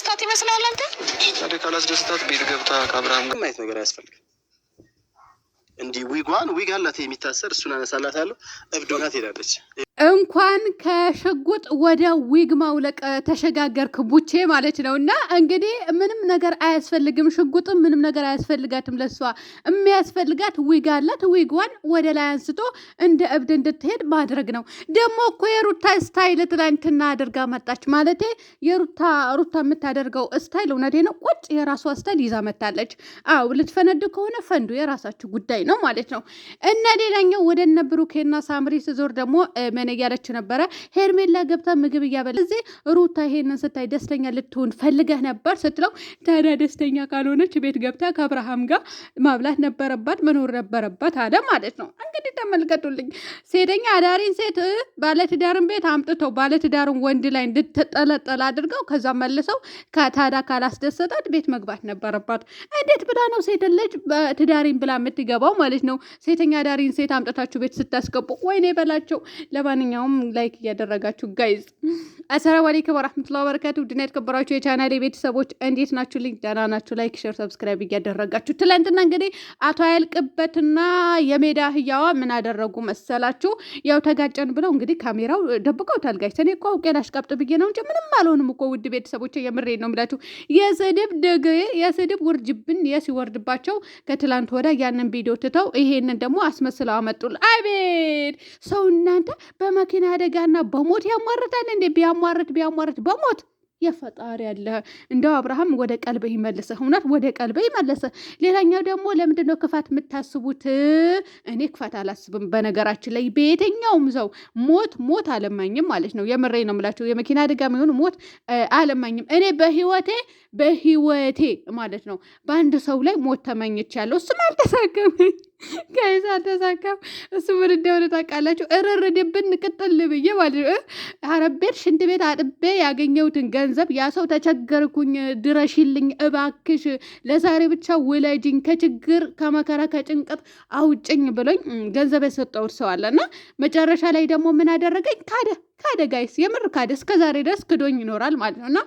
ያላስደስታት ይመስላል። አንተ ታዲያ ካላስደስታት ቤት ገብታ ከአብርሃም ጋር ማየት ነገር አያስፈልግም። እንዲህ ዊጓን ዊግ አላት የሚታሰር እሱን አነሳላታለሁ። እብድ ሆና ሄዳለች። እንኳን ከሽጉጥ ወደ ዊግ ማውለቅ ተሸጋገርክ ቡቼ ማለት ነው። እና እንግዲህ ምንም ነገር አያስፈልግም፣ ሽጉጥም ምንም ነገር አያስፈልጋትም። ለሷ የሚያስፈልጋት ዊግ አላት። ዊግዋን ወደ ላይ አንስቶ እንደ እብድ እንድትሄድ ማድረግ ነው። ደግሞ እኮ የሩታ ስታይል ትላንትና አድርጋ መጣች። ማለቴ የሩታ ሩታ የምታደርገው ስታይል እውነቴ ነው፣ ቁጭ የራሷ ስታይል ይዛ መታለች። አው ልትፈነድ ከሆነ ፈንዱ፣ የራሳችሁ ጉዳይ ነው ማለት ነው። እና ሌላኛው ወደ እነ ብሩኬና ሳምሪ ስዞር ደግሞ ምናምን እያለች ነበረ። ሄርሜላ ገብታ ምግብ እያበላ እዚህ ሩታ ይሄንን ስታይ ደስተኛ ልትሆን ፈልገህ ነበር ስትለው፣ ታዲያ ደስተኛ ካልሆነች ቤት ገብታ ከአብርሃም ጋር ማብላት ነበረባት መኖር ነበረባት አለ ማለት ነው። እንግዲህ ተመልከቱልኝ፣ ሴተኛ አዳሪን ሴት ባለትዳርን ቤት አምጥተው ባለትዳርን ወንድ ላይ እንድትጠለጠል አድርገው ከዛ መልሰው ታዲያ ካላስደሰታት ቤት መግባት ነበረባት። እንዴት ብላ ነው ሴት ልጅ ትዳሪን ብላ የምትገባው ማለት ነው? ሴተኛ አዳሪን ሴት አምጥታችሁ ቤት ስታስገቡ ወይኔ በላቸው ለማ ለማንኛውም ላይክ እያደረጋችሁ ጋይዝ አሰላሙ አለይኩም ወራህመቱላሂ ወበረካቱ። ውድና የተከበራችሁ የቻናሌ ቤተሰቦች እንዴት ናችሁ? ልኝ ደህና ናችሁ? ላይክ፣ ሼር፣ ሰብስክራይብ እያደረጋችሁ ትላንትና እንግዲህ አቶ ያልቅበትና የሜዳ አህያዋ ምን አደረጉ መሰላችሁ? ያው ተጋጨን ብለው እንግዲህ ካሜራው ደብቀውታል። ጋይስ እኔ እኮ አውቄን አሽቃብጥ ብዬ ነው እንጂ ምንም አልሆንም እኮ ውድ ቤተሰቦች፣ የምሬ ነው የምላችሁ። የስድብ ደግ የስድብ ውርጅብን የሲወርድባቸው ከትላንት ወዳ ያንን ቪዲዮ ትተው ይሄንን ደግሞ አስመስለው አመጡል። አቤት ሰው እናንተ በመኪና አደጋና በሞት ያሟርታል እንዴ ቢያ ቢያሟርድ ቢያሟርድ በሞት የፈጣሪ ያለ እንደው አብርሃም ወደ ቀልበ ይመለሰ፣ እውነት ወደ ቀልበ ይመለሰ። ሌላኛው ደግሞ ለምንድን ነው ክፋት የምታስቡት? እኔ ክፋት አላስብም። በነገራችን ላይ በየትኛውም ሰው ሞት ሞት አለማኝም ማለት ነው። የምሬ ነው የምላቸው። የመኪና አደጋ የሚሆን ሞት አለማኝም። እኔ በህይወቴ በህይወቴ ማለት ነው በአንድ ሰው ላይ ሞት ተመኝቻለሁ። እሱም አልተሳገመኝ ከዛ ተሳካም እሱ ምን እንደሆነ ታውቃላችሁ? እረረድብን ቅጥል ብዬ ማለት ነው። አረቤት ሽንት ቤት አጥቤ ያገኘሁትን ገንዘብ ያ ሰው ተቸገርኩኝ፣ ድረሽልኝ፣ እባክሽ ለዛሬ ብቻ ውለጅኝ፣ ከችግር ከመከራ ከጭንቀት አውጭኝ ብሎኝ ገንዘብ የሰጠሁት ሰው አለና መጨረሻ ላይ ደግሞ ምን አደረገኝ? ካደ ካደ፣ ጋይስ የምር ካደ። እስከዛሬ ድረስ ክዶኝ ይኖራል ማለት ነው እና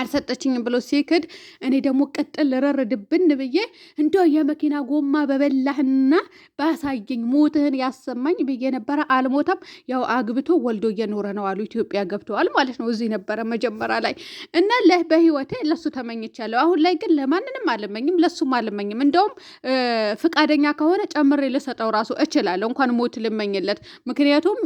አልሰጠችኝም ብሎ ሲክድ እኔ ደግሞ ቅጥል ረርድብን ድብን ብዬ እንደው የመኪና ጎማ በበላህና ባሳየኝ ሞትህን ያሰማኝ ብዬ ነበረ። አልሞተም። ያው አግብቶ ወልዶ እየኖረ ነው አሉ። ኢትዮጵያ ገብተዋል ማለት ነው። እዚህ ነበረ መጀመሪያ ላይ እና በህይወቴ ለሱ ተመኝቻለሁ። አሁን ላይ ግን ለማንንም አልመኝም፣ ለሱም አልመኝም። እንደውም ፍቃደኛ ከሆነ ጨምሬ ልሰጠው ራሱ እችላለሁ፣ እንኳን ሞት ልመኝለት። ምክንያቱም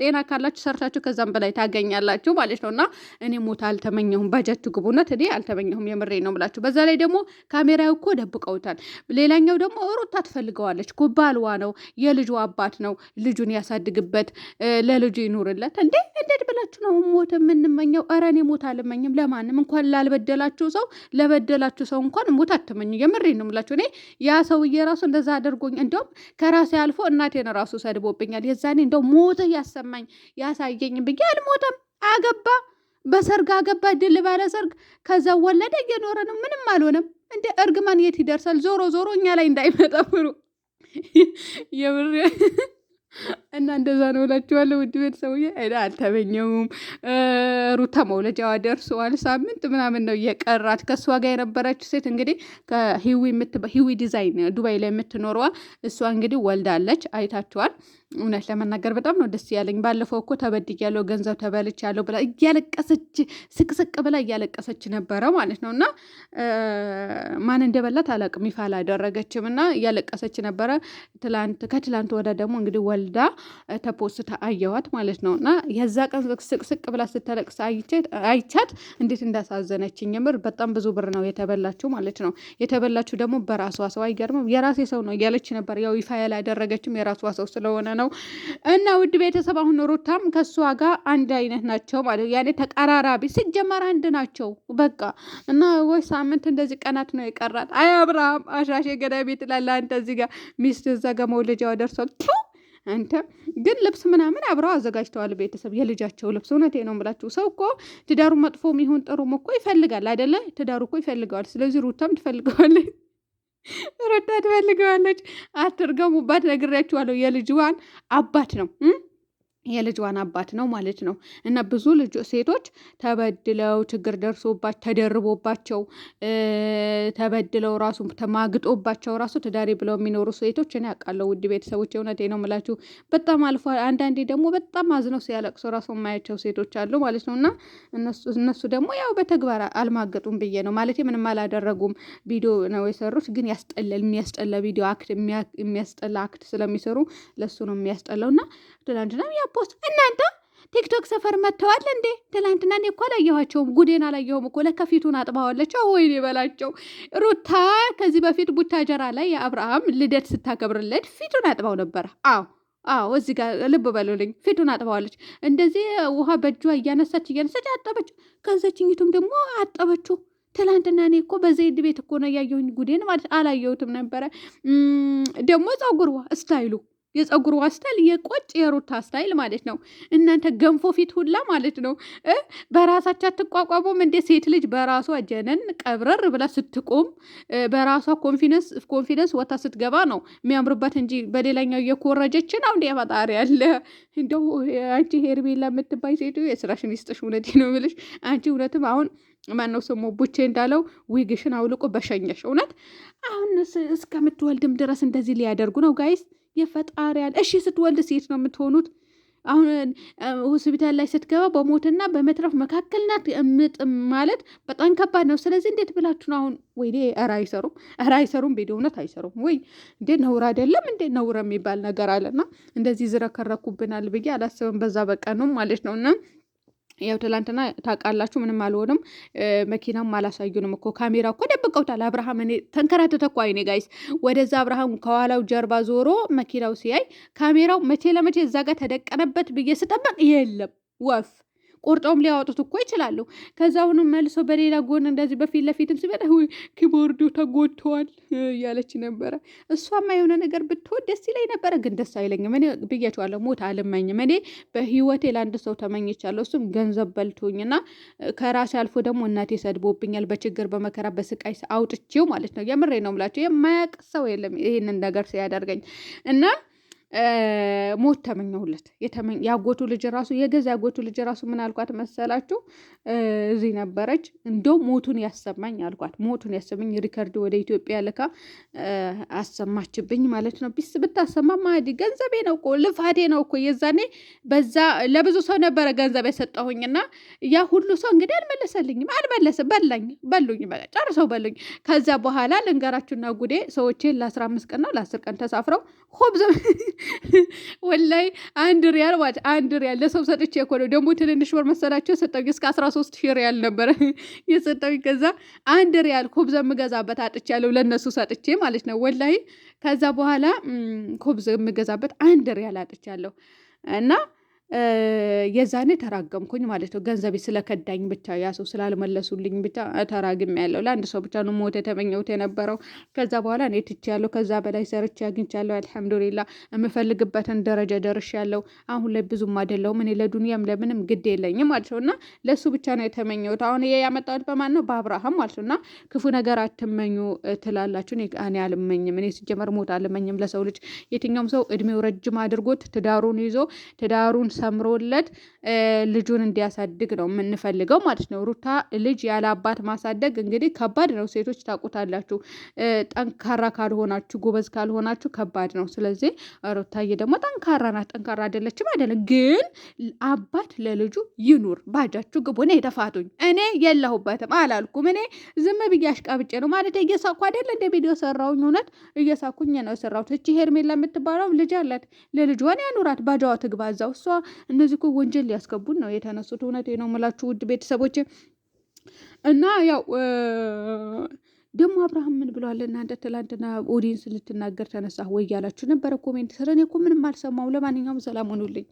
ጤና ካላችሁ ሰርታችሁ ከዛም በላይ ታገኛላችሁ ማለት ነው እና እኔ ሞት አልተመኝ አልተመኘሁም። ባጃጅ ግቡነት እኔ አልተመኘሁም። የምሬ ነው የምላችሁ። በዛ ላይ ደግሞ ካሜራው እኮ ደብቀውታል። ሌላኛው ደግሞ ሩታ ትፈልገዋለች እኮ ነው፣ የልጁ አባት ነው። ልጁን ያሳድግበት፣ ለልጁ ይኑርለት። እንዴ እንዴት ብላችሁ ነው ሞት የምንመኘው? ኧረ እኔ ሞት አልመኝም ለማንም። እንኳን ላልበደላችሁ ሰው ለበደላችሁ ሰው እንኳን ሞት አትመኙ። የምሬ ነው የምላችሁ። እኔ ያ ሰውዬ ራሱ እንደዛ አድርጎኝ እንዲያውም ከራሴ አልፎ እናቴን ራሱ ሰድቦብኛል። የዛኔ እንደው ሞት ያሰማኝ ያሳየኝ ብዬ አልሞተም። አገባ በሰርግ አገባ ድል ባለ ሰርግ፣ ከዛ ወለደ እየኖረ ነው። ምንም አልሆነም። እንደ እርግማን የት ይደርሳል? ዞሮ ዞሮ እኛ ላይ እንዳይመጣ ብሩ እና እንደዛ ነው እላችኋለሁ። ውድ ቤት እኔ አልተመኘውም። ሩታ መውለጃዋ ደርሰዋል። ሳምንት ምናምን ነው የቀራት። ከእሷ ጋር የነበረችው ሴት እንግዲህ ከሂዊ ዲዛይን ዱባይ ላይ የምትኖረዋ እሷ እንግዲህ ወልዳለች። አይታችኋል። እውነት ለመናገር በጣም ነው ደስ ያለኝ። ባለፈው እኮ ተበድያለሁ፣ ገንዘብ ተበልቻለሁ ብላ እያለቀሰች ስቅስቅ ብላ እያለቀሰች ነበረ ማለት ነው። እና ማን እንደበላት አላቅም፣ ይፋ አላደረገችም። እና እያለቀሰች ነበረ። ከትላንት ወደ ደግሞ እንግዲህ ወልዳ ተፖስታ አየዋት ማለት ነው። እና የዛ ቀን ስቅስቅ ብላ ስተለቅስ አይቻት እንዴት እንዳሳዘነችኝ የምር በጣም ብዙ ብር ነው የተበላችው ማለት ነው። የተበላችው ደግሞ በራሷ ሰው አይገርምም። የራሴ ሰው ነው እያለች ነበር። ያው ይፋ ያላደረገችም የራሷ ሰው ስለሆነ ነው። እና ውድ ቤተሰብ አሁን ሩታም ከእሷ ጋር አንድ አይነት ናቸው ማለት ያኔ ተቀራራቢ ሲጀመር አንድ ናቸው በቃ። እና ወይ ሳምንት እንደዚህ ቀናት ነው የቀራት። አይ አብርሃም አሻሼ ገዳይ ቤት ላለ አንተ እዚህ ጋር ሚስት እዛ ጋር መውለጃዋ ደርሷል። አንተ ግን ልብስ ምናምን አብረው አዘጋጅተዋል። ቤተሰብ የልጃቸው ልብስ እውነቴ ነው ብላችሁ ሰው እኮ ትዳሩ መጥፎም ይሁን ጥሩም እኮ ይፈልጋል አይደለ? ትዳሩ እኮ ይፈልገዋል። ስለዚህ ሩታም ትፈልገዋለች፣ ሩታ ትፈልገዋለች። አትርገሙባት፣ ነግሬያችኋለሁ። የልጅዋን አባት ነው የልጇን አባት ነው ማለት ነው። እና ብዙ ልጅ ሴቶች ተበድለው ችግር ደርሶባቸው ተደርቦባቸው ተበድለው ራሱ ተማግጦባቸው ራሱ ተዳሪ ብለው የሚኖሩ ሴቶች እኔ አውቃለሁ። ውድ ቤተሰቦች የእውነቴ ነው የምላችሁ። በጣም አልፎ አንዳንዴ ደግሞ በጣም አዝነው ሲያለቅሱ ራሱ የማያቸው ሴቶች አሉ ማለት ነው። እና እነሱ ደግሞ ያው በተግባር አልማገጡም ብዬ ነው ማለት ምንም አላደረጉም። ቪዲዮ ነው የሰሩት፣ ግን ያስጠላል። የሚያስጠላ ቪዲዮ አክት፣ የሚያስጠላ አክት ስለሚሰሩ ለእሱ ነው የሚያስጠላው እና ያ ፖስት እናንተ ቲክቶክ ሰፈር መጥተዋል እንዴ? ትላንትና እኔ እኮ አላየኋቸውም፣ ጉዴን አላየሁም እኮ ለካ ፊቱን አጥባዋለች። ወይኔ በላቸው። ሩታ ከዚህ በፊት ቡታጀራ ላይ የአብርሃም ልደት ስታከብርለት ፊቱን አጥባው ነበረ። አዎ አዎ፣ እዚህ ጋር ልብ በሉልኝ፣ ፊቱን አጥባዋለች። እንደዚህ ውሃ በእጇ እያነሳች እያነሳች አጠበች። ከዘችኝቱም ደግሞ አጠበችው። ትላንትና እኔ እኮ በዘይድ ቤት እኮ ነው ያየሁኝ። ጉዴን ማለት አላየሁትም ነበረ። ደግሞ ፀጉርዋ ስታይሉ የፀጉር ስታይል የቆጭ የሩታ ስታይል ማለት ነው። እናንተ ገንፎ ፊት ሁላ ማለት ነው። በራሳቸው አትቋቋሙም እንዴ? ሴት ልጅ በራሷ ጀነን ቀብረር ብላ ስትቆም በራሷ ኮንፊደንስ ወታ ስትገባ ነው የሚያምርበት እንጂ በሌላኛው እየኮረጀች ነው እንዴ? ፈጣሪ ያለ እንደው አንቺ ሄርሜላ የምትባይ ሴቱ የስራሽን ይስጥሽ። እውነቴ ነው የምልሽ አንቺ እውነትም አሁን ማነው ነው ስሙ ቡቼ እንዳለው ዊግሽን አውልቆ በሸኘሽ። እውነት አሁን እስከምትወልድም ድረስ እንደዚህ ሊያደርጉ ነው ጋይስ። የፈጣሪያን እሺ፣ ስትወልድ ሴት ነው የምትሆኑት። አሁን ሆስፒታል ላይ ስትገባ በሞትና በመትረፍ መካከል ናት። እምጥ ማለት በጣም ከባድ ነው። ስለዚህ እንዴት ብላችሁ ነው አሁን? ወይኔ ኧረ አይሰሩም፣ ኧረ አይሰሩም፣ ቤደ እውነት አይሰሩም ወይ እንዴ! ነውር አይደለም እንዴ? ነውር የሚባል ነገር አለና እንደዚህ ዝረከረኩብናል ብዬ አላስብም። በዛ በቀኑም ማለት ነው እና ያው ትላንትና ታውቃላችሁ፣ ምንም አልሆንም። መኪናም አላሳዩንም እኮ ካሜራ እኮ ደብቀውታል። አብርሃም እኔ ተንከራተተ እኮ አይኔ ጋይስ፣ ወደዛ አብርሃም ከኋላው ጀርባ ዞሮ መኪናው ሲያይ ካሜራው መቼ ለመቼ እዛ ጋር ተደቀነበት ብዬ ስጠበቅ የለም ወፍ ቆርጠውም ሊያወጡት እኮ ይችላሉ። ከዛ አሁንም መልሶ በሌላ ጎን እንደዚህ በፊት ለፊትም ሲበላ ኪቦርዱ ተጎድተዋል እያለች ነበረ። እሷማ የሆነ ነገር ብትሆን ደስ ይለኝ ነበረ፣ ግን ደስ አይለኝም። እኔ ብያቸዋለሁ፣ ሞት አልመኝም። እኔ በህይወቴ ለአንድ ሰው ተመኝቻለሁ፣ እሱም ገንዘብ በልቶኝና ከራሴ አልፎ ደግሞ እናቴ ሰድቦብኛል፣ በችግር በመከራ በስቃይ አውጥቼው ማለት ነው። የምሬ ነው የምላቸው፣ የማያውቅ ሰው የለም ይህንን ነገር ሲያደርገኝ እና ሞት ተመኘሁለት። ያጎቱ ልጅ ራሱ የገዛ ያጎቱ ልጅ ራሱ ምን አልኳት መሰላችሁ? እዚህ ነበረች። እንደው ሞቱን ያሰማኝ አልኳት። ሞቱን ያሰማኝ ሪከርድ ወደ ኢትዮጵያ ልካ አሰማችብኝ ማለት ነው። ቢስ ብታሰማ ማዲ ገንዘቤ ነው እኮ ልፋቴ ነው እኮ የዛኔ በዛ ለብዙ ሰው ነበረ ገንዘብ የሰጠሁኝና ያ ሁሉ ሰው እንግዲህ አልመለሰልኝም። አልመለስም በላኝ በሉኝ፣ በቃ ጨርሰው በሉኝ። ከዚያ በኋላ ልንገራችሁና ጉዴ ሰዎቼ ለአስራ አምስት ቀን ነው ለአስር ቀን ተሳፍረው ሆብዘ ወላይ አንድ ሪያል ማለት አንድ ሪያል ለሰው ሰጥቼ እኮ ነው። ደግሞ ትንንሽ ወር መሰላቸው የሰጠው እስከ አስራ ሶስት ሺህ ሪያል ነበረ የሰጠው። ከዛ አንድ ሪያል ኮብዘ የምገዛበት አጥቻለሁ ለእነሱ ሰጥቼ ማለት ነው ወላይ። ከዛ በኋላ ኩብዝ የምገዛበት አንድ ሪያል አጥቻለሁ እና የዛኔ ተራገምኩኝ ማለት ነው። ገንዘቤ ስለከዳኝ ብቻ ያ ሰው ስላልመለሱልኝ ብቻ ተራግም ያለው ለአንድ ሰው ብቻ ነው ሞት የተመኘሁት የነበረው። ከዛ በኋላ እኔ ያለው ከዛ በላይ ሰርቼ ያለው አልሐምዱሊላ የምፈልግበትን ደረጃ ያለው አሁን ላይ ብዙም አይደለሁም እኔ ለዱንያም ለምንም ግድ የለኝም ማለት ነው። እና ለእሱ ብቻ ነው የተመኘሁት። አሁን ይሄ ያመጣሁት በማን ነው? በአብርሃም ማለት ነው። እና ክፉ ነገር አትመኙ ትላላችሁ። እኔ አልመኝም። እኔ ሲጀመር ሞት አልመኝም ለሰው ልጅ። የትኛውም ሰው እድሜው ረጅም አድርጎት ትዳሩን ይዞ ትዳሩን ሰምሮ ወለድ ልጁን እንዲያሳድግ ነው የምንፈልገው ማለት ነው። ሩታ ልጅ ያለ አባት ማሳደግ እንግዲህ ከባድ ነው። ሴቶች ታውቁታላችሁ። ጠንካራ ካልሆናችሁ፣ ጎበዝ ካልሆናችሁ ከባድ ነው። ስለዚህ ሩታዬ ደግሞ ጠንካራ ናት። ጠንካራ አይደለችም አይደለም፣ ግን አባት ለልጁ ይኑር። ባጃችሁ ግቡ። እኔ የተፋቱኝ እኔ የለሁበትም አላልኩም። እኔ ዝም ብዬ አሽቃብጬ ነው ማለት እየሳኩ አይደለ እንደ ቪዲዮ ሰራውኝ። እውነት እየሳኩኝ ነው የሰራሁት። እቺ ሄርሜላ የምትባለው ልጅ አላት። ለልጇን ያኑራት። ባጃዋ ትግባ እዛው እሷ እነዚህ እኮ ወንጀል ሊያስገቡን ነው የተነሱት። እውነቴ ነው የምላችሁ ውድ ቤተሰቦች እና ያው ደግሞ አብርሃም ምን ብለዋል? እናንተ ትላንትና ኦዲንስ ልትናገር ተነሳ ወይ ያላችሁ ነበረ ኮሜንት ስር። እኔ እኮ ምንም አልሰማው። ለማንኛውም ሰላም ሆኑልኝ።